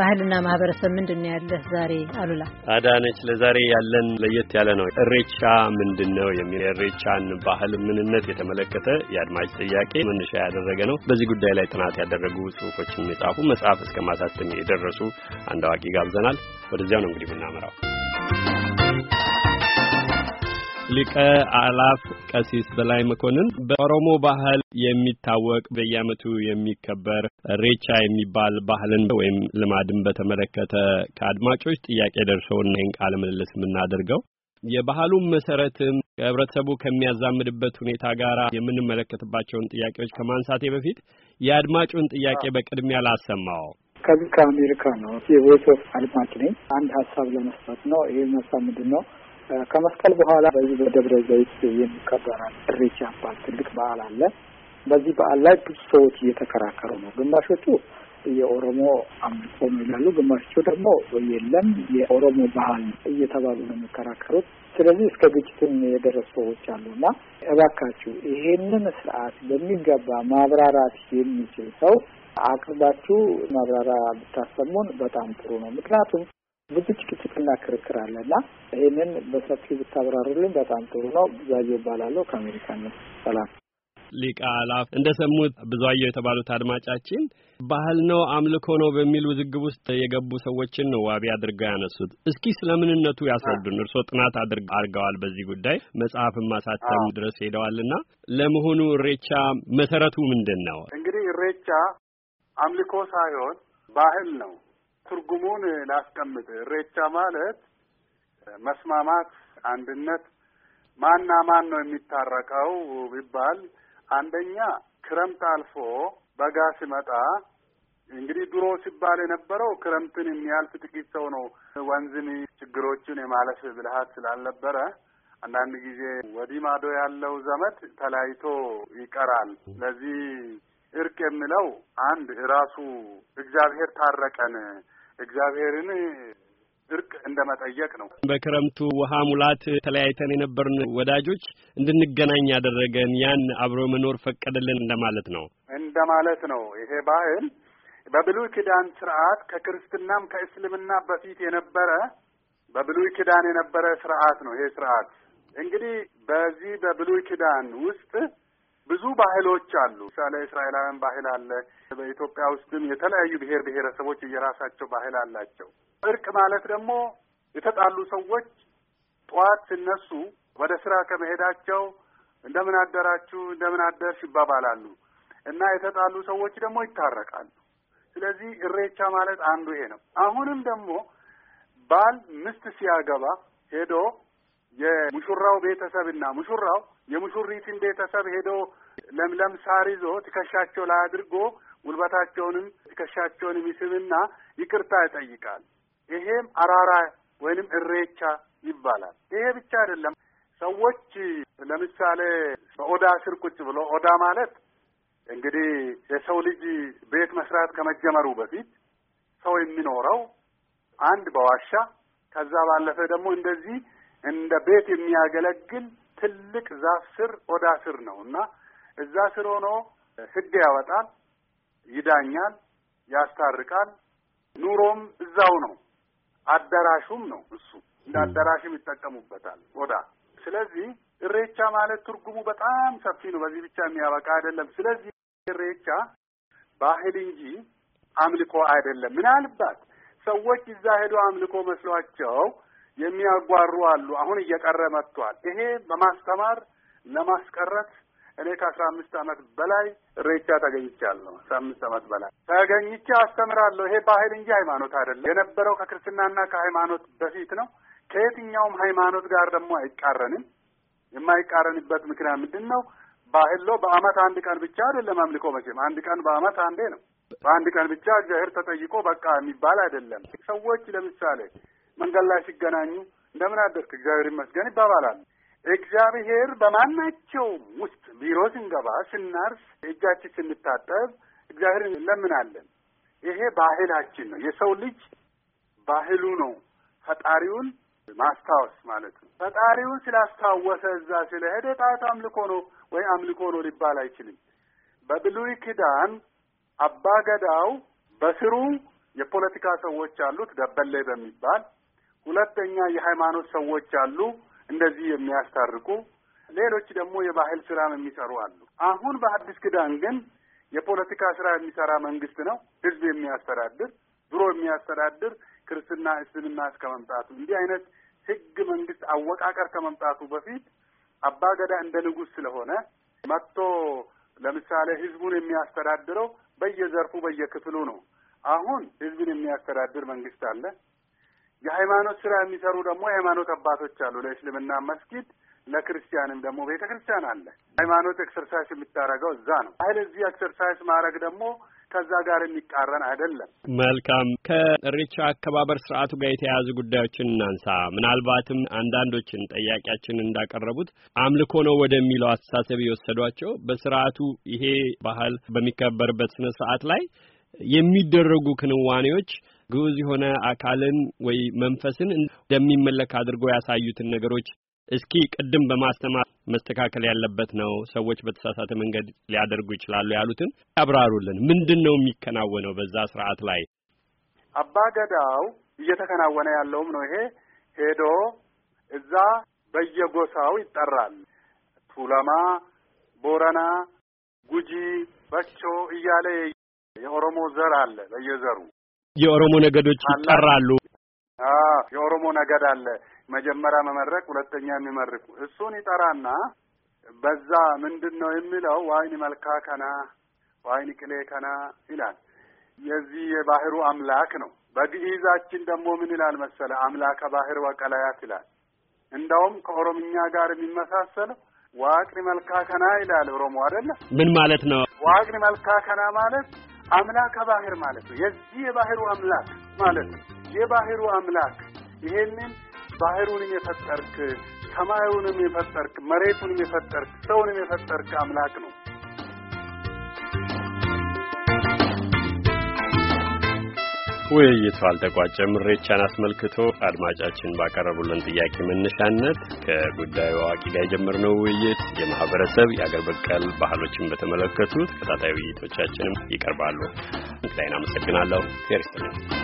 ባህልና ማህበረሰብ ምንድን ነው ያለህ ዛሬ አሉላ? አዳነች፣ ለዛሬ ያለን ለየት ያለ ነው። እሬቻ ምንድን ነው የሚል የእሬቻን ባህል ምንነት የተመለከተ የአድማጭ ጥያቄ መነሻ ያደረገ ነው። በዚህ ጉዳይ ላይ ጥናት ያደረጉ ጽሁፎችን የጻፉ መጽሐፍ እስከ ማሳተም የደረሱ አንድ አዋቂ ጋብዘናል። ወደዚያው ነው እንግዲህ የምናመራው። ሊቀ አላፍ ቀሲስ በላይ መኮንን በኦሮሞ ባህል የሚታወቅ በየዓመቱ የሚከበር ሬቻ የሚባል ባህልን ወይም ልማድን በተመለከተ ከአድማጮች ጥያቄ ደርሰውና ይህን ቃለ ምልልስ የምናደርገው የባህሉን መሰረትም ከህብረተሰቡ ከሚያዛምድበት ሁኔታ ጋር የምንመለከትባቸውን ጥያቄዎች ከማንሳቴ በፊት የአድማጩን ጥያቄ በቅድሚያ ላሰማው። ከዚህ ከአሜሪካ ነው። የቮይስ ኦፍ አድማጭ ነኝ። አንድ ሀሳብ ለመስጠት ነው። ይህ መሳ ምንድን ነው? ከመስቀል በኋላ በዚህ በደብረ ዘይት የሚከበራል ኢሬቻ ይባል ትልቅ በዓል አለ። በዚህ በዓል ላይ ብዙ ሰዎች እየተከራከሩ ነው። ግማሾቹ የኦሮሞ አምልኮ ነው ይላሉ፣ ግማሾቹ ደግሞ የለም የኦሮሞ ባህል እየተባሉ ነው የሚከራከሩት። ስለዚህ እስከ ግጭትም የደረሱ ሰዎች እና እባካችሁ ይሄንን ስርዓት በሚገባ ማብራራት የሚችል ሰው አቅርባችሁ ማብራሪያ ብታሰሙን በጣም ጥሩ ነው። ምክንያቱም ብዙ ጭቅጭቅና ክርክር አለና ይህንን በሰፊው ብታብራሩልን በጣም ጥሩ ነው። ብዙአየሁ እባላለሁ ከአሜሪካ ነው። ሰላም ሊቀ አእላፍ እንደሰሙት ብዙአየሁ የተባሉት አድማጫችን ባህል ነው አምልኮ ነው በሚል ውዝግብ ውስጥ የገቡ ሰዎችን ነው ዋቢ አድርገው ያነሱት። እስኪ ስለምንነቱ ያስረዱን። እርስዎ ጥናት አድርገዋል በዚህ ጉዳይ መጽሐፍን ማሳተም ድረስ ሄደዋልና ለመሆኑ እሬቻ መሰረቱ ምንድን ነው? እንግዲህ እሬቻ አምልኮ ሳይሆን ባህል ነው። ትርጉሙን ላስቀምጥ። እሬቻ ማለት መስማማት፣ አንድነት። ማና ማን ነው የሚታረቀው ቢባል አንደኛ ክረምት አልፎ በጋ ሲመጣ እንግዲህ ድሮ ሲባል የነበረው ክረምትን የሚያልፍ ጥቂት ሰው ነው ወንዝን ችግሮችን የማለፍ ብልሃት ስላልነበረ አንዳንድ ጊዜ ወዲህ ማዶ ያለው ዘመድ ተለያይቶ ይቀራል። ስለዚህ እርቅ የሚለው አንድ ራሱ እግዚአብሔር ታረቀን እግዚአብሔርን እርቅ እንደ መጠየቅ ነው። በክረምቱ ውሃ ሙላት ተለያይተን የነበርን ወዳጆች እንድንገናኝ ያደረገን ያን አብሮ መኖር ፈቀደልን እንደማለት ነው እንደ ማለት ነው። ይሄ ባህል በብሉይ ኪዳን ስርዓት ከክርስትናም ከእስልምና በፊት የነበረ በብሉይ ኪዳን የነበረ ስርዓት ነው። ይሄ ስርዓት እንግዲህ በዚህ በብሉይ ኪዳን ውስጥ ብዙ ባህሎች አሉ። ምሳሌ እስራኤላውያን ባህል አለ። በኢትዮጵያ ውስጥም የተለያዩ ብሔር ብሔረሰቦች የራሳቸው ባህል አላቸው። እርቅ ማለት ደግሞ የተጣሉ ሰዎች ጠዋት ሲነሱ ወደ ስራ ከመሄዳቸው እንደምን አደራችሁ፣ እንደምን አደርሽ ይባባላሉ እና የተጣሉ ሰዎች ደግሞ ይታረቃሉ። ስለዚህ እሬቻ ማለት አንዱ ይሄ ነው። አሁንም ደግሞ ባል ምስት ሲያገባ ሄዶ የሙሽራው ቤተሰብና ሙሽራው የሙሽሪትን ቤተሰብ ሄዶ ለምለም ሳር ይዞ ትከሻቸው ላይ አድርጎ ጉልበታቸውንም ትከሻቸውንም ይስብና ይቅርታ ይጠይቃል። ይሄም አራራ ወይንም እሬቻ ይባላል። ይሄ ብቻ አይደለም። ሰዎች ለምሳሌ በኦዳ ስር ቁጭ ብሎ ኦዳ ማለት እንግዲህ የሰው ልጅ ቤት መስራት ከመጀመሩ በፊት ሰው የሚኖረው አንድ በዋሻ ከዛ ባለፈ ደግሞ እንደዚህ እንደ ቤት የሚያገለግል ትልቅ ዛፍ ስር ኦዳ ስር ነው እና እዛ ስር ሆኖ ህግ ያወጣል፣ ይዳኛል፣ ያስታርቃል። ኑሮም እዛው ነው። አዳራሹም ነው እሱ እንደ አዳራሽም ይጠቀሙበታል ኦዳ። ስለዚህ እሬቻ ማለት ትርጉሙ በጣም ሰፊ ነው። በዚህ ብቻ የሚያበቃ አይደለም። ስለዚህ እሬቻ ባህል እንጂ አምልኮ አይደለም። ምናልባት ሰዎች እዛ ሄዶ አምልኮ መስሏቸው የሚያጓሩ አሉ። አሁን እየቀረ መጥቷል። ይሄ በማስተማር ለማስቀረት እኔ ከአስራ አምስት ዓመት በላይ ሬቻ ተገኝቻለሁ። አስራ አምስት ዓመት በላይ ተገኝቼ አስተምራለሁ። ይሄ ባህል እንጂ ሃይማኖት አይደለም። የነበረው ከክርስትናና ከሃይማኖት በፊት ነው። ከየትኛውም ሃይማኖት ጋር ደግሞ አይቃረንም። የማይቃረንበት ምክንያት ምንድን ነው? ባህል ነው። በአመት አንድ ቀን ብቻ አይደለም አምልኮ። መቼም አንድ ቀን በአመት አንዴ ነው። በአንድ ቀን ብቻ እግዚአብሔር ተጠይቆ በቃ የሚባል አይደለም። ሰዎች ለምሳሌ መንገድ ላይ ሲገናኙ እንደምን አደርክ እግዚአብሔር ይመስገን ይባባላል። እግዚአብሔር በማናቸው ውስጥ ቢሮ ስንገባ፣ ስናርስ፣ እጃችን ስንታጠብ እግዚአብሔር እንለምናለን። ይሄ ባህላችን ነው። የሰው ልጅ ባህሉ ነው ፈጣሪውን ማስታወስ ማለት ነው። ፈጣሪውን ስላስታወሰ እዛ ስለሄደ ጣዖት አምልኮ ነው ወይ አምልኮ ነው ሊባል አይችልም። በብሉይ ኪዳን አባገዳው በስሩ የፖለቲካ ሰዎች አሉት ደበሌ በሚባል ሁለተኛ የሃይማኖት ሰዎች አሉ እንደዚህ የሚያስታርቁ፣ ሌሎች ደግሞ የባህል ስራም የሚሰሩ አሉ። አሁን በአዲስ ኪዳን ግን የፖለቲካ ስራ የሚሰራ መንግስት ነው ህዝብ የሚያስተዳድር ድሮ የሚያስተዳድር ክርስትና እስልምና ከመምጣቱ እንዲህ አይነት ህግ መንግስት አወቃቀር ከመምጣቱ በፊት አባገዳ እንደ ንጉሥ ስለሆነ መጥቶ ለምሳሌ ህዝቡን የሚያስተዳድረው በየዘርፉ በየክፍሉ ነው። አሁን ህዝብን የሚያስተዳድር መንግስት አለ። የሃይማኖት ስራ የሚሰሩ ደግሞ የሃይማኖት አባቶች አሉ። ለእስልምና መስጊድ፣ ለክርስቲያንም ደግሞ ቤተ ክርስቲያን አለ። ሃይማኖት ኤክሰርሳይዝ የሚታረገው እዛ ነው። አይል እዚህ ኤክሰርሳይዝ ማድረግ ደግሞ ከዛ ጋር የሚቃረን አይደለም። መልካም። ከሪቻ አከባበር ስርዓቱ ጋር የተያያዙ ጉዳዮችን እናንሳ። ምናልባትም አንዳንዶችን ጠያቂያችን እንዳቀረቡት አምልኮ ነው ወደሚለው አስተሳሰብ የወሰዷቸው በስርዓቱ ይሄ ባህል በሚከበርበት ስነ ስርዓት ላይ የሚደረጉ ክንዋኔዎች ግዑዝ የሆነ አካልን ወይ መንፈስን እንደሚመለክ አድርጎ ያሳዩትን ነገሮች እስኪ ቅድም በማስተማር መስተካከል ያለበት ነው፣ ሰዎች በተሳሳተ መንገድ ሊያደርጉ ይችላሉ ያሉትን ያብራሩልን። ምንድን ነው የሚከናወነው በዛ ስርዓት ላይ? አባገዳው እየተከናወነ ያለውም ነው ይሄ። ሄዶ እዛ በየጎሳው ይጠራል። ቱለማ፣ ቦረና፣ ጉጂ፣ በቾ እያለ የኦሮሞ ዘር አለ በየዘሩ የኦሮሞ ነገዶች ይጠራሉ። የኦሮሞ ነገድ አለ። መጀመሪያ መመረቅ፣ ሁለተኛ የሚመርቁ እሱን ይጠራና በዛ ምንድን ነው የሚለው ዋይኒ መልካ ከና ዋይን ቅሌ ከና ይላል። የዚህ የባህሩ አምላክ ነው። በግዕዛችን ደግሞ ምን ይላል መሰለ? አምላከ ባህር ወቀላያት ይላል። እንደውም ከኦሮምኛ ጋር የሚመሳሰለው ዋቅኒ መልካ ከና ይላል። ኦሮሞ አይደለ? ምን ማለት ነው? ዋቅኒ መልካ ከና ማለት አምላከ ባህር ማለት ነው። የዚህ የባህሩ አምላክ ማለት ነው። የባህሩ አምላክ ይሄንን ባህሩንም የፈጠርክ ሰማዩንም የፈጠርክ መሬቱንም የፈጠርክ ሰውንም የፈጠርክ አምላክ ነው። ውይይቱ አልተቋጨም። ኢሬቻን አስመልክቶ አድማጫችን ባቀረቡልን ጥያቄ መነሻነት ከጉዳዩ አዋቂ ጋር የጀመርነው ውይይት የማህበረሰብ የአገር በቀል ባህሎችን በተመለከቱ ተከታታይ ውይይቶቻችንም ይቀርባሉ። እንግዳይን አመሰግናለሁ። ቴርስትልኝ